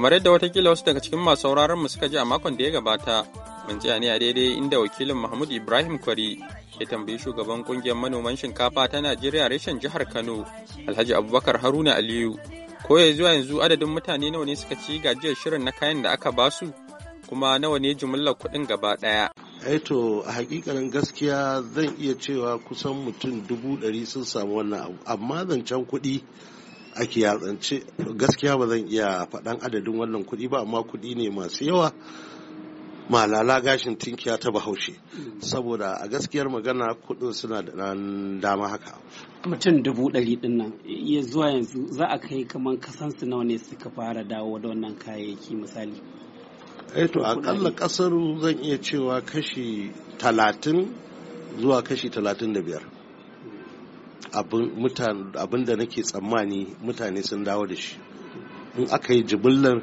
kamar yadda watakila wasu daga cikin masu sauraronmu mu suka ji a makon da ya gabata mun ji ne a daidai inda wakilin mahmud ibrahim kwari ya tambayi shugaban kungiyar manoman shinkafa ta najeriya reshen jihar kano alhaji abubakar haruna aliyu ko ya zuwa yanzu adadin mutane nawa ne suka ci gajiyar shirin na kayan da aka basu kuma nawa ne jimillar kuɗin gaba ɗaya eh to a hakikanin gaskiya zan iya cewa kusan mutum dubu ɗari sun samu wannan abu amma zancen kuɗi ake yatsance gaskiya ba zan iya faɗan adadin wannan kuɗi ba amma kuɗi ne masu yawa malala gashin tinkiya ta bahaushe saboda a gaskiyar magana kuɗin suna da ɗan dama haka mutum dubu ɗari ɗin nan iya zuwa yanzu za a kai kamar kasansu nawa ne suka fara dawo da wannan kayayyaki misali eh to a akalla kasar zan iya cewa kashi talatin zuwa kashi talatin da biyar abin da nake tsammani mutane sun dawo da shi in aka yi jimillar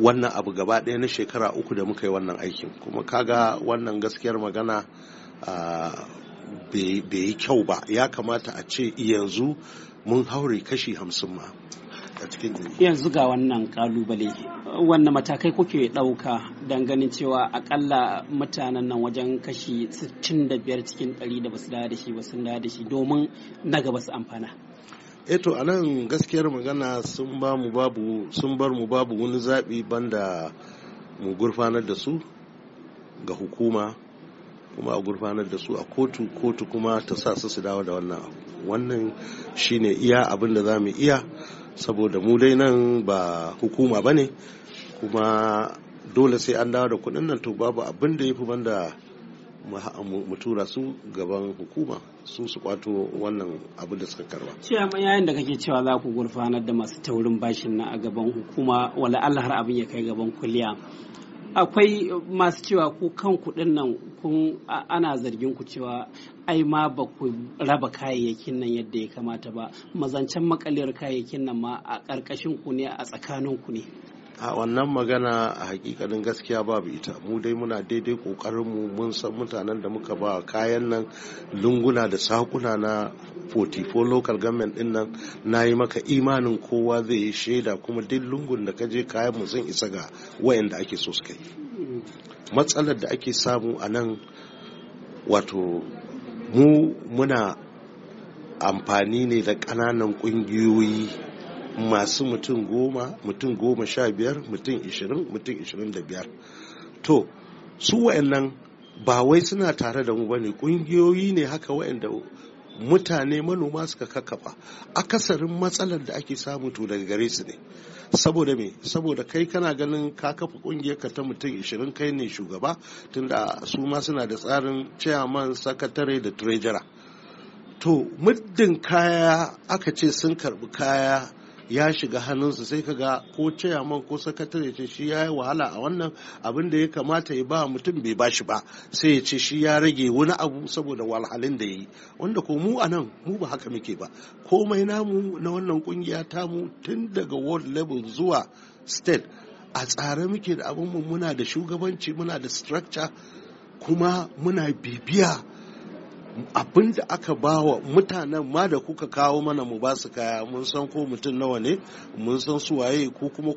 wannan abu gaba ɗaya na shekara uku da muka yi wannan aikin kuma kaga wannan gaskiyar magana bai yi kyau ba ya kamata a ce yanzu mun haure kashi hamsin ma a cikin yanzu ga wannan kalubale wannan matakai kuke ɗauka don ganin cewa akalla mutanen nan wajen kashi 65 cikin 100 da basu da shi ba sun da shi domin na gaba su amfana eto eh a nan gaskiyar magana sun sun bar mu babu wani zaɓi banda mu gurfanar da su ga hukuma kuma a gurfanar da su a kotu kotu kuma ta sa su su dawo da wannan abu wannan shine iya abinda za mu iya saboda mu dai nan ba hukuma ba ne kuma dole sai an dawo da kuɗin nan to babu abinda da ya fi banda mu tura su gaban hukuma su su kwato wannan abin da suka karba. Ciyama yayin da kake cewa za ku gurfanar da masu taurin bashin na a gaban hukuma wala Allah har abin ya kai gaban kuliya akwai masu cewa ku kan kuɗin nan kun ana zargin ku cewa ai ma ba ku raba kayayyakin nan yadda ya kamata ba mazancen makaliyar kayayyakin nan ma a ƙarƙashin ku ne a tsakanin ku ne a wannan magana a hakikanin gaskiya babu ita mu dai muna daidai kokarinmu mun san mutanen da muka ba kayan nan lunguna da sakuna na 44 local government din nan na yi maka imanin kowa zai yi shaida kuma duk lungun da ka je kayan mu sun isa ga wayanda ake so su kai. matsalar da ake samu a nan wato mu muna amfani ne da ƙananan ƙungiyoyi masu mutum goma mutum goma sha biyar mutum ishirin mutum ishirin da biyar to su wa'annan ba wai suna tare da mu bane kungiyoyi ne haka wa'anda mutane manoma suka kakkafa akasarin matsalar da ake samu to daga gare su ne saboda me saboda kai kana ganin ka kafa kungiyar ka ta mutum 20 kai ne shugaba tunda su ma suna da tsarin chairman sakatare da treasurer to muddin kaya aka ce sun karbi kaya ya shiga hannunsu sai kaga ko chairman ko sakatare ce shi ya yi wahala a wannan abin da ya kamata ya ba mutum bai ba shi ba sai ya ce shi ya rage wani abu saboda walhalin da ya yi wanda ko mu a nan mu ba haka muke ba komai namu na wannan kungiya mu tun daga world level zuwa state a tsare muke da abinmu muna da shugabanci muna da structure kuma muna bibiya abin da aka ba wa mutanen ma da kuka kawo mana mu ba su kaya mun san ko mutum nawa ne mun san su waye ko kuma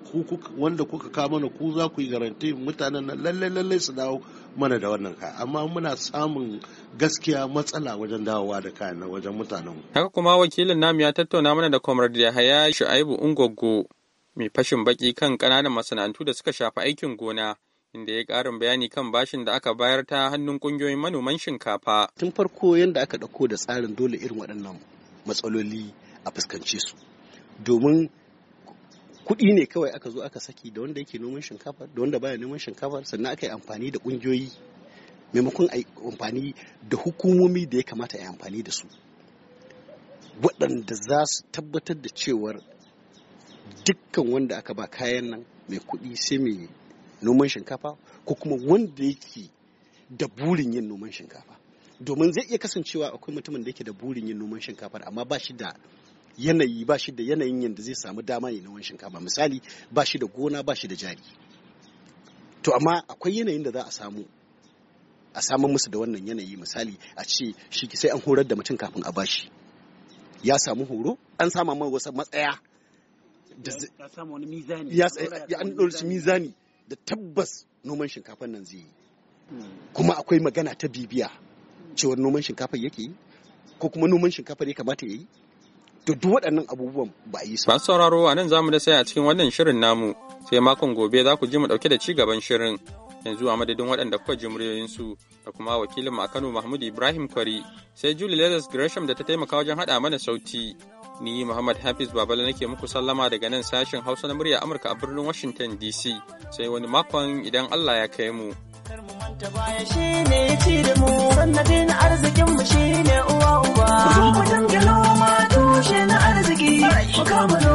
wanda kuka kawo mana ku za ku yi garanti mutanen nan lallai lallai su dawo mana da wannan kaya amma muna samun gaskiya matsala wajen dawowa da kayan na wajen mutanen haka kuma wakilin namu ya tattauna mana da comrade Yahaya Shu'aibu Ungogo mai fashin baki kan ƙananan masana'antu da suka shafi aikin gona inda ya ƙarin bayani kan bashin da aka bayar ta hannun ƙungiyoyin manoman shinkafa. Tun farko yadda aka ɗauko da tsarin dole irin waɗannan matsaloli a fuskance su. Domin kuɗi ne kawai aka zo aka saki da wanda yake noman shinkafa da wanda baya noman shinkafa sannan aka yi amfani da ƙungiyoyi maimakon a amfani da hukumomi da ya kamata a yi amfani da su. Waɗanda za su tabbatar da cewar dukkan wanda aka ba kayan nan mai kuɗi sai mai noman shinkafa ko kuma wanda yake da burin yin noman shinkafa domin zai iya kasancewa akwai mutumin da yake da burin yin noman shinkafa amma ba shi da yanayi ba shi da yanayin yadda zai samu dama yin noman shinkafa misali ba shi da gona ba shi da jari to amma akwai yanayin da za a samu a samun musu da wannan yanayi misali a ce shi sai an horar da mutum kafin a bashi ya samu horo an sama wasu matsaya ya samu wani mizani ya an ɗorci mizani da tabbas noman shinkafan nan zai yi hmm. kuma akwai magana ta bibiya cewar noman shinkafar yake yi ko kuma noman shinkafar ya kamata ya yi to duk waɗannan abubuwan ba yi su. Masu sauraro a nan zamu da sai a cikin wannan shirin namu sai makon gobe za ku ji mu ɗauke da ci gaban shirin yanzu a madadin waɗanda kuka ji muryoyinsu da kuma wakilin mu a Kano Mahmud Ibrahim Kwari sai Julie Leathers Gresham da ta taimaka wajen haɗa mana sauti. Ni Muhammad Hafiz Babala nake muku sallama daga nan sashen Hausa na murya Amurka a birnin Washington DC. Sai wani makon idan Allah ya kai mu. arzikin